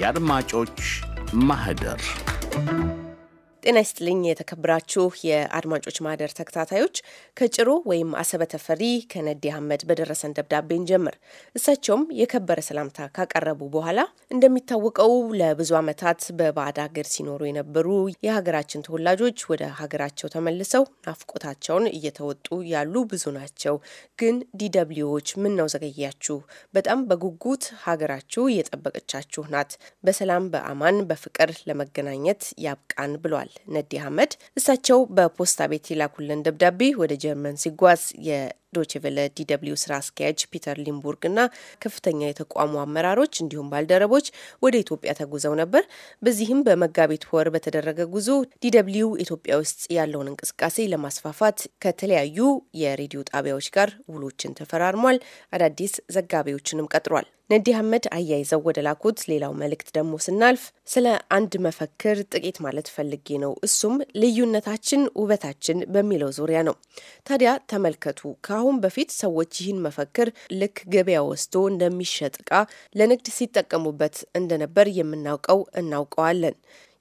የአድማጮች ማህደር ጤና ይስጥልኝ የተከብራችሁ የአድማጮች ማህደር ተከታታዮች፣ ከጭሮ ወይም አሰበ ተፈሪ ከነዲ አህመድ በደረሰን ደብዳቤ እንጀምር። እሳቸውም የከበረ ሰላምታ ካቀረቡ በኋላ እንደሚታወቀው ለብዙ ዓመታት በባዕድ ሀገር ሲኖሩ የነበሩ የሀገራችን ተወላጆች ወደ ሀገራቸው ተመልሰው ናፍቆታቸውን እየተወጡ ያሉ ብዙ ናቸው። ግን ዲደብሊዎች ምን ነው ዘገያችሁ? በጣም በጉጉት ሀገራችሁ እየጠበቀቻችሁ ናት። በሰላም በአማን በፍቅር ለመገናኘት ያብቃን ብሏል። ነዲ አህመድ። እሳቸው በፖስታ ቤት የላኩልን ደብዳቤ ወደ ጀርመን ሲጓዝ ዶችቬለ ዲደብሊው ስራ አስኪያጅ ፒተር ሊምቡርግ እና ከፍተኛ የተቋሙ አመራሮች እንዲሁም ባልደረቦች ወደ ኢትዮጵያ ተጉዘው ነበር። በዚህም በመጋቢት ወር በተደረገ ጉዞ ዲደብሊው ኢትዮጵያ ውስጥ ያለውን እንቅስቃሴ ለማስፋፋት ከተለያዩ የሬዲዮ ጣቢያዎች ጋር ውሎችን ተፈራርሟል። አዳዲስ ዘጋቢዎችንም ቀጥሯል። ነዲ አህመድ አያይዘው ወደ ላኩት ሌላው መልእክት ደግሞ ስናልፍ ስለ አንድ መፈክር ጥቂት ማለት ፈልጌ ነው። እሱም ልዩነታችን ውበታችን በሚለው ዙሪያ ነው። ታዲያ ተመልከቱ ከአሁን በፊት ሰዎች ይህን መፈክር ልክ ገበያ ወስዶ እንደሚሸጥ እቃ ለንግድ ሲጠቀሙበት እንደነበር የምናውቀው እናውቀዋለን።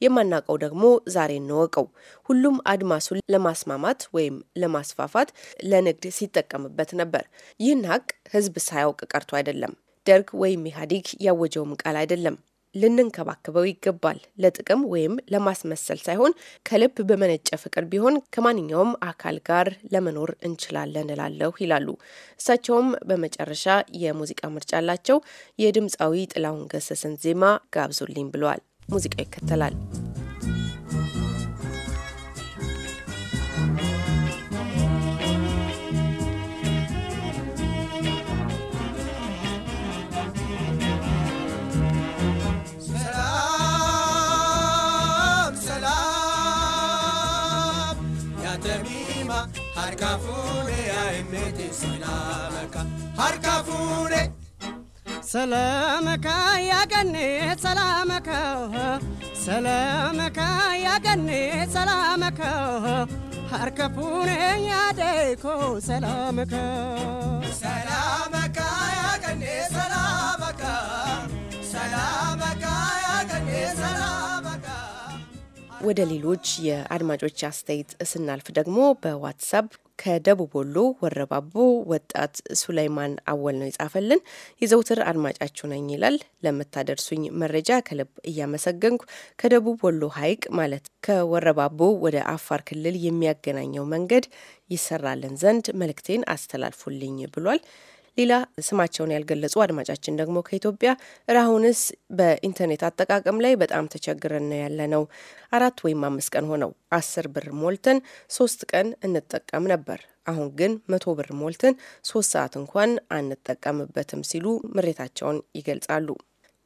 የማናውቀው ደግሞ ዛሬ እንወቀው። ሁሉም አድማሱን ለማስማማት ወይም ለማስፋፋት ለንግድ ሲጠቀምበት ነበር። ይህን ሀቅ ህዝብ ሳያውቅ ቀርቶ አይደለም። ደርግ ወይም ኢህአዴግ ያወጀውም ቃል አይደለም። ልንንከባከበው ይገባል። ለጥቅም ወይም ለማስመሰል ሳይሆን ከልብ በመነጨ ፍቅር ቢሆን ከማንኛውም አካል ጋር ለመኖር እንችላለን እላለሁ ይላሉ። እሳቸውም በመጨረሻ የሙዚቃ ምርጫ አላቸው። የድምፃዊ ጥላሁን ገሰሰን ዜማ ጋብዙልኝ ብለዋል። ሙዚቃው ይከተላል። ሰላመካ ያገኔ ሰላመከው ሰላመካ ያገኔት ሰላመከው ሀርከፉነ ያደይኮ ሰላመከው ሰላመካ ያገኔ ሰላመከ ሰላመካ ያገኔ ሰላመ ወደ ሌሎች የአድማጮች አስተያየት ስናልፍ ደግሞ በዋትሳፕ ከደቡብ ወሎ ወረባቦ ወጣት ሱላይማን አወል ነው የጻፈልን። የዘውትር አድማጫችሁ ነኝ ይላል። ለምታደርሱኝ መረጃ ከልብ እያመሰገንኩ ከደቡብ ወሎ ሐይቅ ማለት ከወረባቦ ወደ አፋር ክልል የሚያገናኘው መንገድ ይሰራልን ዘንድ መልእክቴን አስተላልፉልኝ ብሏል። ሌላ ስማቸውን ያልገለጹ አድማጫችን ደግሞ ከኢትዮጵያ ራሁንስ በኢንተርኔት አጠቃቀም ላይ በጣም ተቸግረን ያለ ነው። አራት ወይም አምስት ቀን ሆነው አስር ብር ሞልተን ሶስት ቀን እንጠቀም ነበር። አሁን ግን መቶ ብር ሞልተን ሶስት ሰዓት እንኳን አንጠቀምበትም ሲሉ ምሬታቸውን ይገልጻሉ።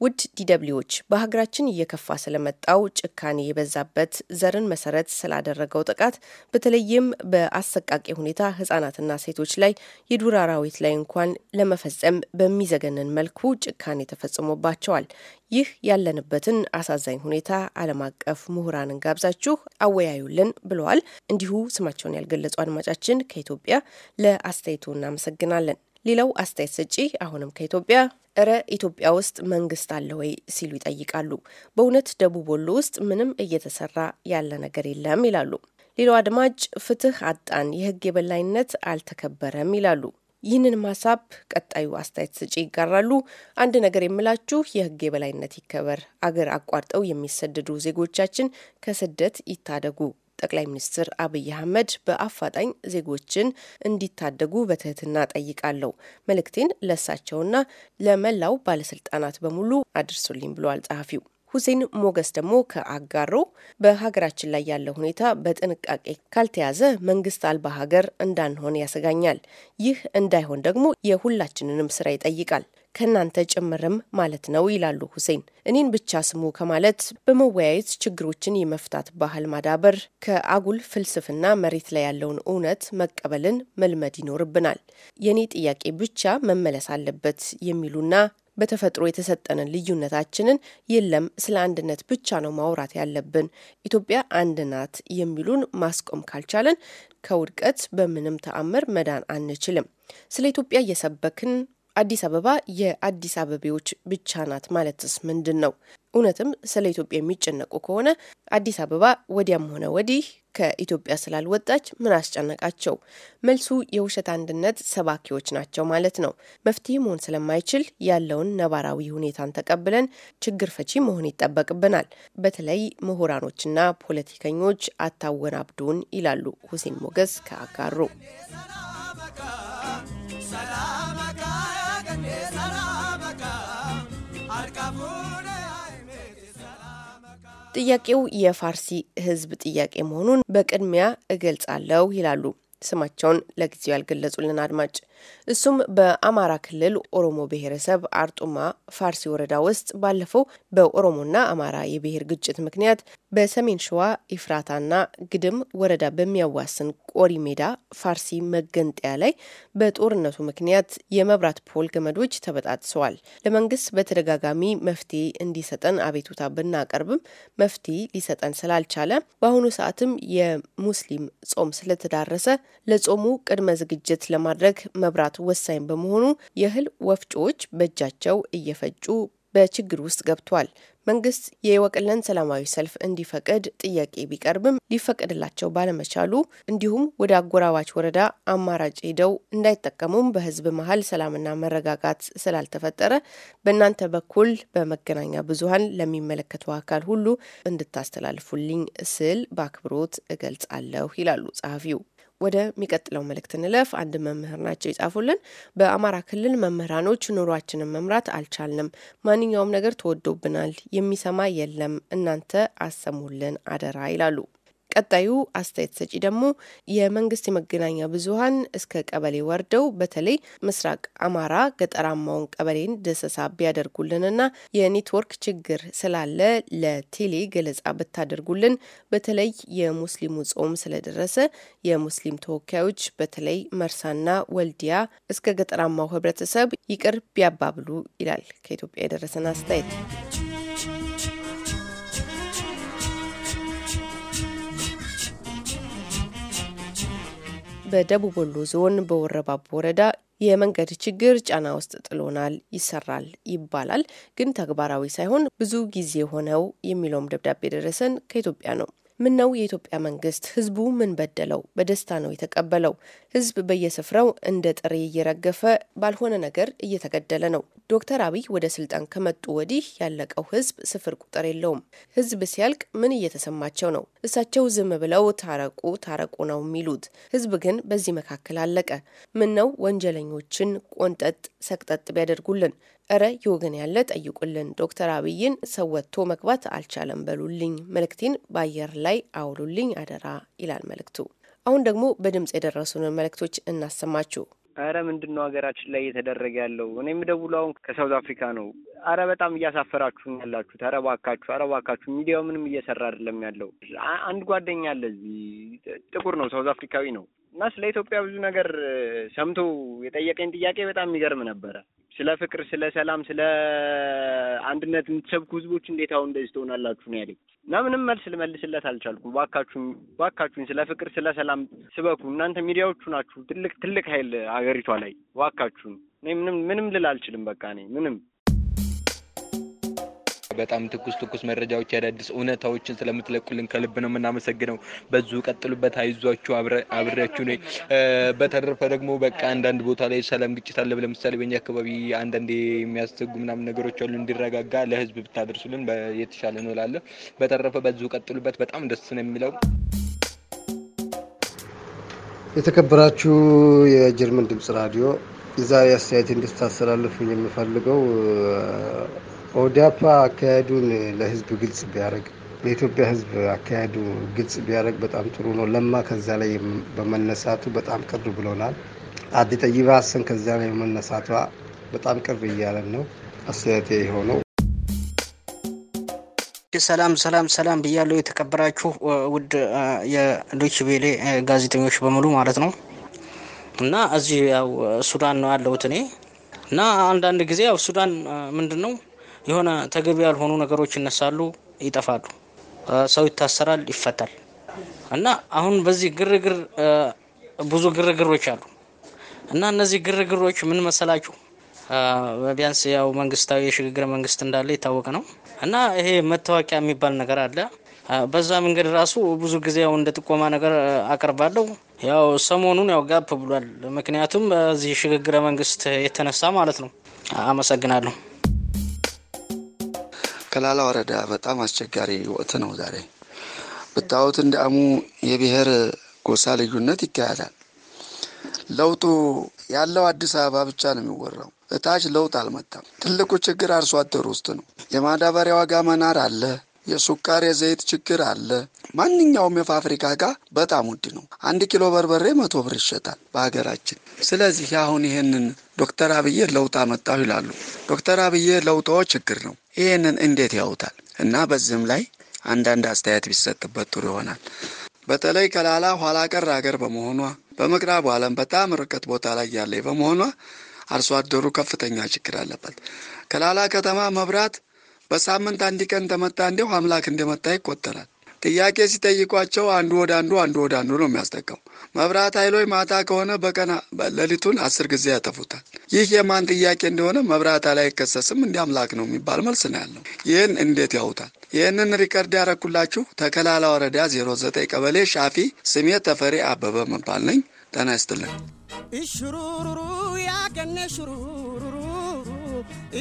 ውድ ዲደብሊዎች በሀገራችን እየከፋ ስለመጣው ጭካኔ የበዛበት ዘርን መሰረት ስላደረገው ጥቃት በተለይም በአሰቃቂ ሁኔታ ህጻናትና ሴቶች ላይ የዱር አራዊት ላይ እንኳን ለመፈጸም በሚዘገንን መልኩ ጭካኔ ተፈጽሞባቸዋል። ይህ ያለንበትን አሳዛኝ ሁኔታ ዓለም አቀፍ ምሁራንን ጋብዛችሁ አወያዩልን ብለዋል። እንዲሁ ስማቸውን ያልገለጹ አድማጫችን ከኢትዮጵያ ለአስተያየቱ እናመሰግናለን። ሌላው አስተያየት ሰጪ አሁንም ከኢትዮጵያ እረ ኢትዮጵያ ውስጥ መንግስት አለ ወይ ሲሉ ይጠይቃሉ። በእውነት ደቡብ ወሎ ውስጥ ምንም እየተሰራ ያለ ነገር የለም ይላሉ። ሌላው አድማጭ ፍትህ አጣን፣ የህግ የበላይነት አልተከበረም ይላሉ። ይህንን ማሳብ ቀጣዩ አስተያየት ሰጪ ይጋራሉ። አንድ ነገር የምላችሁ የህግ የበላይነት ይከበር፣ አገር አቋርጠው የሚሰደዱ ዜጎቻችን ከስደት ይታደጉ ጠቅላይ ሚኒስትር አብይ አህመድ በአፋጣኝ ዜጎችን እንዲታደጉ በትህትና ጠይቃለሁ። መልእክቴን ለእሳቸውና ለመላው ባለስልጣናት በሙሉ አድርሱልኝ ብለዋል ጸሐፊው። ሁሴን ሞገስ ደግሞ ከአጋሮ በሀገራችን ላይ ያለው ሁኔታ በጥንቃቄ ካልተያዘ መንግስት አልባ ሀገር እንዳንሆን ያሰጋኛል። ይህ እንዳይሆን ደግሞ የሁላችንንም ስራ ይጠይቃል። ከእናንተ ጭምርም ማለት ነው ይላሉ ሁሴን። እኔን ብቻ ስሙ ከማለት በመወያየት ችግሮችን የመፍታት ባህል ማዳበር፣ ከአጉል ፍልስፍና መሬት ላይ ያለውን እውነት መቀበልን መልመድ ይኖርብናል። የእኔ ጥያቄ ብቻ መመለስ አለበት የሚሉና በተፈጥሮ የተሰጠንን ልዩነታችንን የለም ስለ አንድነት ብቻ ነው ማውራት ያለብን፣ ኢትዮጵያ አንድ ናት የሚሉን ማስቆም ካልቻለን ከውድቀት በምንም ተአምር መዳን አንችልም። ስለ ኢትዮጵያ እየሰበክን አዲስ አበባ የአዲስ አበቤዎች ብቻ ናት ማለትስ ምንድን ነው? እውነትም ስለ ኢትዮጵያ የሚጨነቁ ከሆነ አዲስ አበባ ወዲያም ሆነ ወዲህ ከኢትዮጵያ ስላልወጣች ምን አስጨነቃቸው? መልሱ የውሸት አንድነት ሰባኪዎች ናቸው ማለት ነው። መፍትሄ መሆን ስለማይችል ያለውን ነባራዊ ሁኔታን ተቀብለን ችግር ፈቺ መሆን ይጠበቅብናል። በተለይ ምሁራኖችና ፖለቲከኞች አታወናብዱን ይላሉ ሁሴን ሞገስ ከአጋሮ ጥያቄው የፋርሲ ህዝብ ጥያቄ መሆኑን በቅድሚያ እገልጻለሁ ይላሉ ስማቸውን ለጊዜው ያልገለጹልን አድማጭ። እሱም በአማራ ክልል ኦሮሞ ብሔረሰብ አርጡማ ፋርሲ ወረዳ ውስጥ ባለፈው በኦሮሞና አማራ የብሔር ግጭት ምክንያት በሰሜን ሸዋ ኢፍራታና ግድም ወረዳ በሚያዋስን ቆሪ ሜዳ ፋርሲ መገንጠያ ላይ በጦርነቱ ምክንያት የመብራት ፖል ገመዶች ተበጣጥሰዋል። ለመንግስት በተደጋጋሚ መፍትሄ እንዲሰጠን አቤቱታ ብናቀርብም መፍትሄ ሊሰጠን ስላልቻለ በአሁኑ ሰዓትም የሙስሊም ጾም ስለተዳረሰ ለጾሙ ቅድመ ዝግጅት ለማድረግ መብራት ወሳኝ በመሆኑ የእህል ወፍጮዎች በእጃቸው እየፈጩ በችግር ውስጥ ገብቷል። መንግስት የወቅለን ሰላማዊ ሰልፍ እንዲፈቅድ ጥያቄ ቢቀርብም ሊፈቀድላቸው ባለመቻሉ እንዲሁም ወደ አጎራባች ወረዳ አማራጭ ሄደው እንዳይጠቀሙም በህዝብ መሀል ሰላምና መረጋጋት ስላልተፈጠረ በእናንተ በኩል በመገናኛ ብዙሀን ለሚመለከተው አካል ሁሉ እንድታስተላልፉልኝ ስል በአክብሮት እገልጻለሁ ይላሉ ጸሐፊው። ወደ ሚቀጥለው መልእክት እንለፍ። አንድ መምህር ናቸው ይጻፉልን። በአማራ ክልል መምህራኖች ኑሯችንን መምራት አልቻልንም። ማንኛውም ነገር ተወዶብናል። የሚሰማ የለም። እናንተ አሰሙልን አደራ ይላሉ። ቀጣዩ አስተያየት ሰጪ ደግሞ የመንግስት የመገናኛ ብዙሀን እስከ ቀበሌ ወርደው በተለይ ምስራቅ አማራ ገጠራማውን ቀበሌን ቢያደርጉልን ቢያደርጉልንና የኔትወርክ ችግር ስላለ ለቴሌ ገለጻ ብታደርጉልን፣ በተለይ የሙስሊሙ ጾም ስለደረሰ የሙስሊም ተወካዮች በተለይ መርሳና ወልዲያ እስከ ገጠራማው ህብረተሰብ ይቅር ቢያባብሉ ይላል ከኢትዮጵያ የደረሰን አስተያየት። በደቡብ ወሎ ዞን በወረባቦ ወረዳ የመንገድ ችግር ጫና ውስጥ ጥሎናል፣ ይሰራል ይባላል፣ ግን ተግባራዊ ሳይሆን ብዙ ጊዜ ሆነው የሚለውም ደብዳቤ ደረሰን ከኢትዮጵያ ነው። ነው የኢትዮጵያ መንግስት ህዝቡ ምን በደለው? በደስታ ነው የተቀበለው። ህዝብ በየስፍራው እንደ ጥሬ እየረገፈ ባልሆነ ነገር እየተገደለ ነው። ዶክተር አብይ ወደ ስልጣን ከመጡ ወዲህ ያለቀው ህዝብ ስፍር ቁጥር የለውም። ህዝብ ሲያልቅ ምን እየተሰማቸው ነው? እሳቸው ዝም ብለው ታረቁ ታረቁ ነው የሚሉት። ህዝብ ግን በዚህ መካከል አለቀ። ነው ወንጀለኞችን ቆንጠጥ ሰቅጠጥ ቢያደርጉልን እረ ይወገን ያለ ጠይቁልን፣ ዶክተር አብይን ሰው ወጥቶ መግባት አልቻለም በሉልኝ፣ መልእክቴን በአየር ላይ አውሉልኝ አደራ ይላል መልእክቱ። አሁን ደግሞ በድምጽ የደረሱንን መልእክቶች እናሰማችሁ። አረ ምንድን ነው ሀገራችን ላይ እየተደረገ ያለው? እኔ የምደውለው አሁን ከሳውዝ አፍሪካ ነው። አረ በጣም እያሳፈራችሁ ያላችሁት። አረ እባካችሁ፣ አረ እባካችሁ። ሚዲያው ምንም እየሰራ አይደለም ያለው። አንድ ጓደኛ አለ እዚህ ጥቁር ነው፣ ሳውዝ አፍሪካዊ ነው እና ስለ ኢትዮጵያ ብዙ ነገር ሰምቶ የጠየቀኝ ጥያቄ በጣም የሚገርም ነበረ። ስለ ፍቅር፣ ስለ ሰላም፣ ስለ አንድነት የምትሰብኩ ህዝቦች እንዴት አሁን እንደዚህ ትሆናላችሁ ነው ያለኝ እና ምንም መልስ ልመልስለት አልቻልኩ። ባካችሁኝ ባካችሁኝ፣ ስለ ፍቅር፣ ስለ ሰላም ስበኩ። እናንተ ሚዲያዎቹ ናችሁ ትልቅ ትልቅ ኃይል አገሪቷ ላይ ባካችሁኝ። እኔ ምንም ምንም ልል አልችልም። በቃ እኔ ምንም በጣም ትኩስ ትኩስ መረጃዎች ያዳድስ እውነታዎችን ስለምትለቁልን ከልብ ነው የምናመሰግነው። በዙ ቀጥሉበት፣ አይዟችሁ፣ አብሬያችሁ ነኝ። በተረፈ ደግሞ በቃ አንዳንድ ቦታ ላይ ሰላም ግጭት አለ። ለምሳሌ በእኛ አካባቢ አንዳንድ የሚያሰጉ ምናምን ነገሮች አሉ። እንዲረጋጋ ለህዝብ ብታደርሱልን የተሻለ ነው እላለሁ። በተረፈ በዙ ቀጥሉበት፣ በጣም ደስ ነው የሚለው። የተከበራችሁ የጀርመን ድምፅ ራዲዮ የዛሬ አስተያየት እንድታስተላልፉ የምፈልገው ኦዳፓ አካሄዱን ለህዝብ ግልጽ ቢያደርግ ለኢትዮጵያ ህዝብ አካሄዱ ግልጽ ቢያደርግ በጣም ጥሩ ነው። ለማ ከዛ ላይ በመነሳቱ በጣም ቅር ብሎናል። አዲ ጠይባ ሀሰን ከዛ ላይ በመነሳቷ በጣም ቅር እያለን ነው። አስተያየት የሆነው ሰላም ሰላም ሰላም ብያለሁ። የተከበራችሁ ውድ የዶች ቤሌ ጋዜጠኞች በሙሉ ማለት ነው እና እዚህ ያው ሱዳን ነው ያለሁት እኔ እና አንዳንድ ጊዜ ያው ሱዳን ምንድን ነው የሆነ ተገቢ ያልሆኑ ነገሮች ይነሳሉ፣ ይጠፋሉ፣ ሰው ይታሰራል፣ ይፈታል። እና አሁን በዚህ ግርግር ብዙ ግርግሮች አሉ እና እነዚህ ግርግሮች ምን መሰላችሁ? ቢያንስ ያው መንግስታዊ የሽግግር መንግስት እንዳለ የታወቀ ነው እና ይሄ መታወቂያ የሚባል ነገር አለ። በዛ መንገድ ራሱ ብዙ ጊዜ ያው እንደ ጥቆማ ነገር አቀርባለሁ። ያው ሰሞኑን ያው ጋፕ ብሏል፣ ምክንያቱም በዚህ ሽግግረ መንግስት የተነሳ ማለት ነው። አመሰግናለሁ። ከላላ ወረዳ በጣም አስቸጋሪ ወቅት ነው ዛሬ። ብታዩት እንደ አሙ የብሔር ጎሳ ልዩነት ይካሄዳል። ለውጡ ያለው አዲስ አበባ ብቻ ነው የሚወራው። እታች ለውጥ አልመጣም። ትልቁ ችግር አርሶ አደር ውስጥ ነው። የማዳበሪያ ዋጋ መናር አለ። የሱካር የዘይት ችግር አለ። ማንኛውም የፋብሪካ ጋ በጣም ውድ ነው። አንድ ኪሎ በርበሬ መቶ ብር ይሸጣል በሀገራችን። ስለዚህ አሁን ይህንን ዶክተር አብዬ ለውጥ አመጣሁ ይላሉ። ዶክተር አብዬ ለውጦ ችግር ነው። ይህንን እንዴት ያውታል? እና በዚህም ላይ አንዳንድ አስተያየት ቢሰጥበት ጥሩ ይሆናል። በተለይ ከላላ ኋላ ቀር ሀገር በመሆኗ በምዕራቡ ዓለም በጣም ርቀት ቦታ ላይ ያለ በመሆኗ አርሶ አደሩ ከፍተኛ ችግር አለበት። ከላላ ከተማ መብራት በሳምንት አንድ ቀን ተመታ እንዲሁ አምላክ እንደመታ ይቆጠራል። ጥያቄ ሲጠይቋቸው አንዱ ወደ አንዱ አንዱ ወደ አንዱ ነው የሚያስጠቀው። መብራት ኃይሎች ማታ ከሆነ በቀን ሌሊቱን አስር ጊዜ ያጠፉታል። ይህ የማን ጥያቄ እንደሆነ መብራት ላይ አይከሰስም፣ እንዲ አምላክ ነው የሚባል መልስ ነው ያለው። ይህን እንዴት ያውታል? ይህንን ሪከርድ ያረኩላችሁ ተከላላ ወረዳ 09 ቀበሌ ሻፊ፣ ስሜ ተፈሪ አበበ መባል ነኝ። ጤና ይስጥልኝ።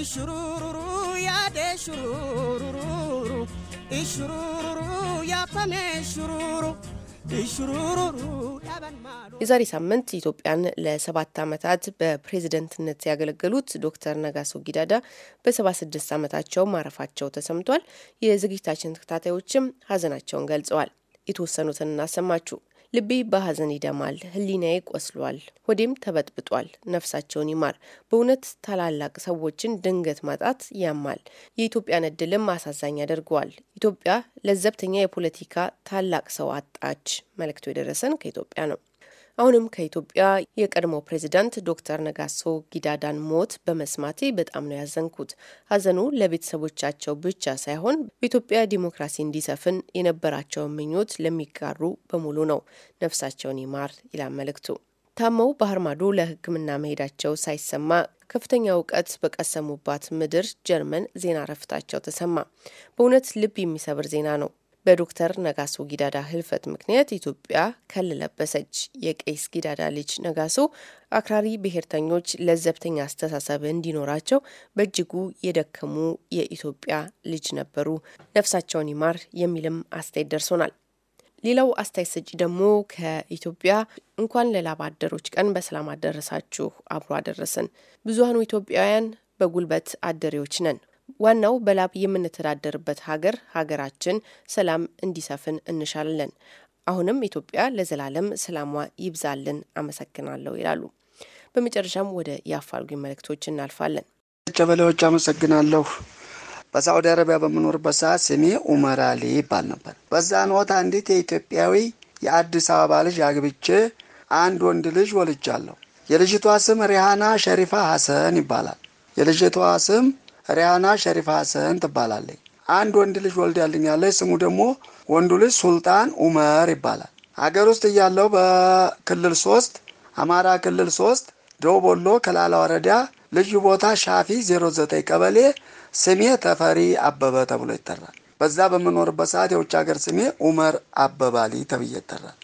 እሽሩሩሩ ያደ ሽሩሩሩሩ እሽሩሩሩ ያፈሜ ሽሩሩ የዛሬ ሳምንት ኢትዮጵያን ለሰባት ዓመታት በፕሬዝደንትነት ያገለገሉት ዶክተር ነጋሶ ጊዳዳ በሰባ ስድስት ዓመታቸው ማረፋቸው ተሰምቷል። የዝግጅታችን ተከታታዮችም ሀዘናቸውን ገልጸዋል። የተወሰኑትን እናሰማችሁ። ልቤ በሐዘን ይደማል፣ ህሊናዬ ቆስሏል፣ ሆዴም ተበጥብጧል። ነፍሳቸውን ይማር። በእውነት ታላላቅ ሰዎችን ድንገት ማጣት ያማል። የኢትዮጵያን እድልም አሳዛኝ ያደርገዋል። ኢትዮጵያ ለዘብተኛ የፖለቲካ ታላቅ ሰው አጣች። መልእክቱ የደረሰን ከኢትዮጵያ ነው። አሁንም ከኢትዮጵያ የቀድሞ ፕሬዚዳንት ዶክተር ነጋሶ ጊዳዳን ሞት በመስማቴ በጣም ነው ያዘንኩት። ሀዘኑ ለቤተሰቦቻቸው ብቻ ሳይሆን በኢትዮጵያ ዲሞክራሲ እንዲሰፍን የነበራቸውን ምኞት ለሚጋሩ በሙሉ ነው። ነፍሳቸውን ይማር ይላል መልእክቱ። ታመው ባህር ማዶ ለሕክምና መሄዳቸው ሳይሰማ ከፍተኛ እውቀት በቀሰሙባት ምድር ጀርመን ዜና ረፍታቸው ተሰማ። በእውነት ልብ የሚሰብር ዜና ነው። በዶክተር ነጋሶ ጊዳዳ ህልፈት ምክንያት ኢትዮጵያ ከል ለበሰች። የቄስ ጊዳዳ ልጅ ነጋሶ አክራሪ ብሔርተኞች ለዘብተኛ አስተሳሰብ እንዲኖራቸው በእጅጉ የደከሙ የኢትዮጵያ ልጅ ነበሩ። ነፍሳቸውን ይማር የሚልም አስተያየት ደርሶናል። ሌላው አስተያየት ሰጪ ደግሞ ከኢትዮጵያ እንኳን ለላባ አደሮች ቀን በሰላም አደረሳችሁ፣ አብሮ አደረሰን። ብዙሀኑ ኢትዮጵያውያን በጉልበት አደሬዎች ነን ዋናው በላብ የምንተዳደርበት ሀገር ሀገራችን ሰላም እንዲሰፍን እንሻለን። አሁንም ኢትዮጵያ ለዘላለም ሰላሟ ይብዛልን። አመሰግናለሁ ይላሉ። በመጨረሻም ወደ የአፋልጉኝ መልእክቶች እናልፋለን። ጨበሌዎች አመሰግናለሁ። በሳዑዲ አረቢያ በምኖርበት ሰዓት ስሜ ኡመር አሊ ይባል ነበር። በዛን ወቅት አንዲት የኢትዮጵያዊ የአዲስ አበባ ልጅ አግብቼ አንድ ወንድ ልጅ ወልጃለሁ። የልጅቷ ስም ሪሃና ሸሪፋ ሐሰን ይባላል። የልጅቷ ስም ሪያና ሸሪፍ ሀሰን ትባላለች። አንድ ወንድ ልጅ ወልዳልኛለች። ስሙ ደግሞ ወንዱ ልጅ ሱልጣን ኡመር ይባላል። ሀገር ውስጥ እያለው በክልል ሶስት አማራ ክልል ሶስት ደቡብ ወሎ ከላላ ወረዳ ልዩ ቦታ ሻፊ 09 ቀበሌ ስሜ ተፈሪ አበበ ተብሎ ይጠራል። በዛ በምኖርበት ሰዓት የውጭ ሀገር ስሜ ኡመር አበባሊ ተብዬ ይጠራል።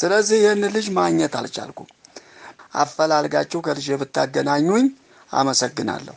ስለዚህ ይህን ልጅ ማግኘት አልቻልኩም። አፈላልጋችሁ ከልጅ ብታገናኙኝ አመሰግናለሁ።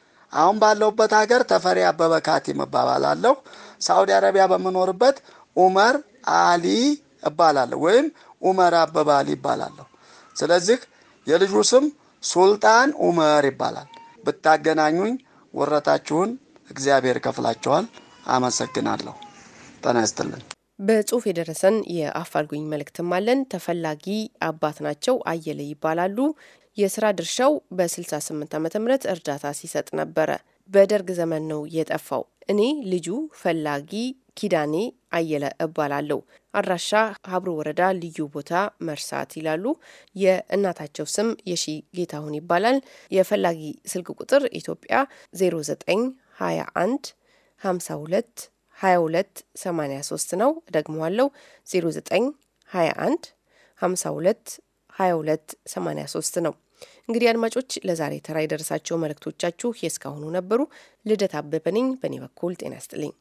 አሁን ባለሁበት ሀገር ተፈሪ አበበ ካቲም እባባላለሁ። ሳዑዲ አረቢያ በምኖርበት ኡመር አሊ እባላለሁ ወይም ኡመር አበበ አሊ ይባላለሁ። ስለዚህ የልጁ ስም ሱልጣን ኡመር ይባላል። ብታገናኙኝ ወረታችሁን እግዚአብሔር ከፍላቸዋል። አመሰግናለሁ። ጤና ይስጥልን። በጽሁፍ የደረሰን የአፋልጉኝ መልእክትም አለን። ተፈላጊ አባት ናቸው አየለ ይባላሉ። የስራ ድርሻው በ68 ዓ ም እርዳታ ሲሰጥ ነበረ። በደርግ ዘመን ነው የጠፋው። እኔ ልጁ ፈላጊ ኪዳኔ አየለ እባላለሁ። አድራሻ ሀብሮ ወረዳ ልዩ ቦታ መርሳት ይላሉ። የእናታቸው ስም የሺ ጌታሁን ይባላል። የፈላጊ ስልክ ቁጥር ኢትዮጵያ 0921 52 22 83 ነው። ደግመዋለው 0921 52 2283 ነው። እንግዲህ አድማጮች ለዛሬ ተራ የደረሳቸው መልእክቶቻችሁ የእስካሁኑ ነበሩ። ልደት አበበ ነኝ። በእኔ በኩል ጤና ይስጥልኝ።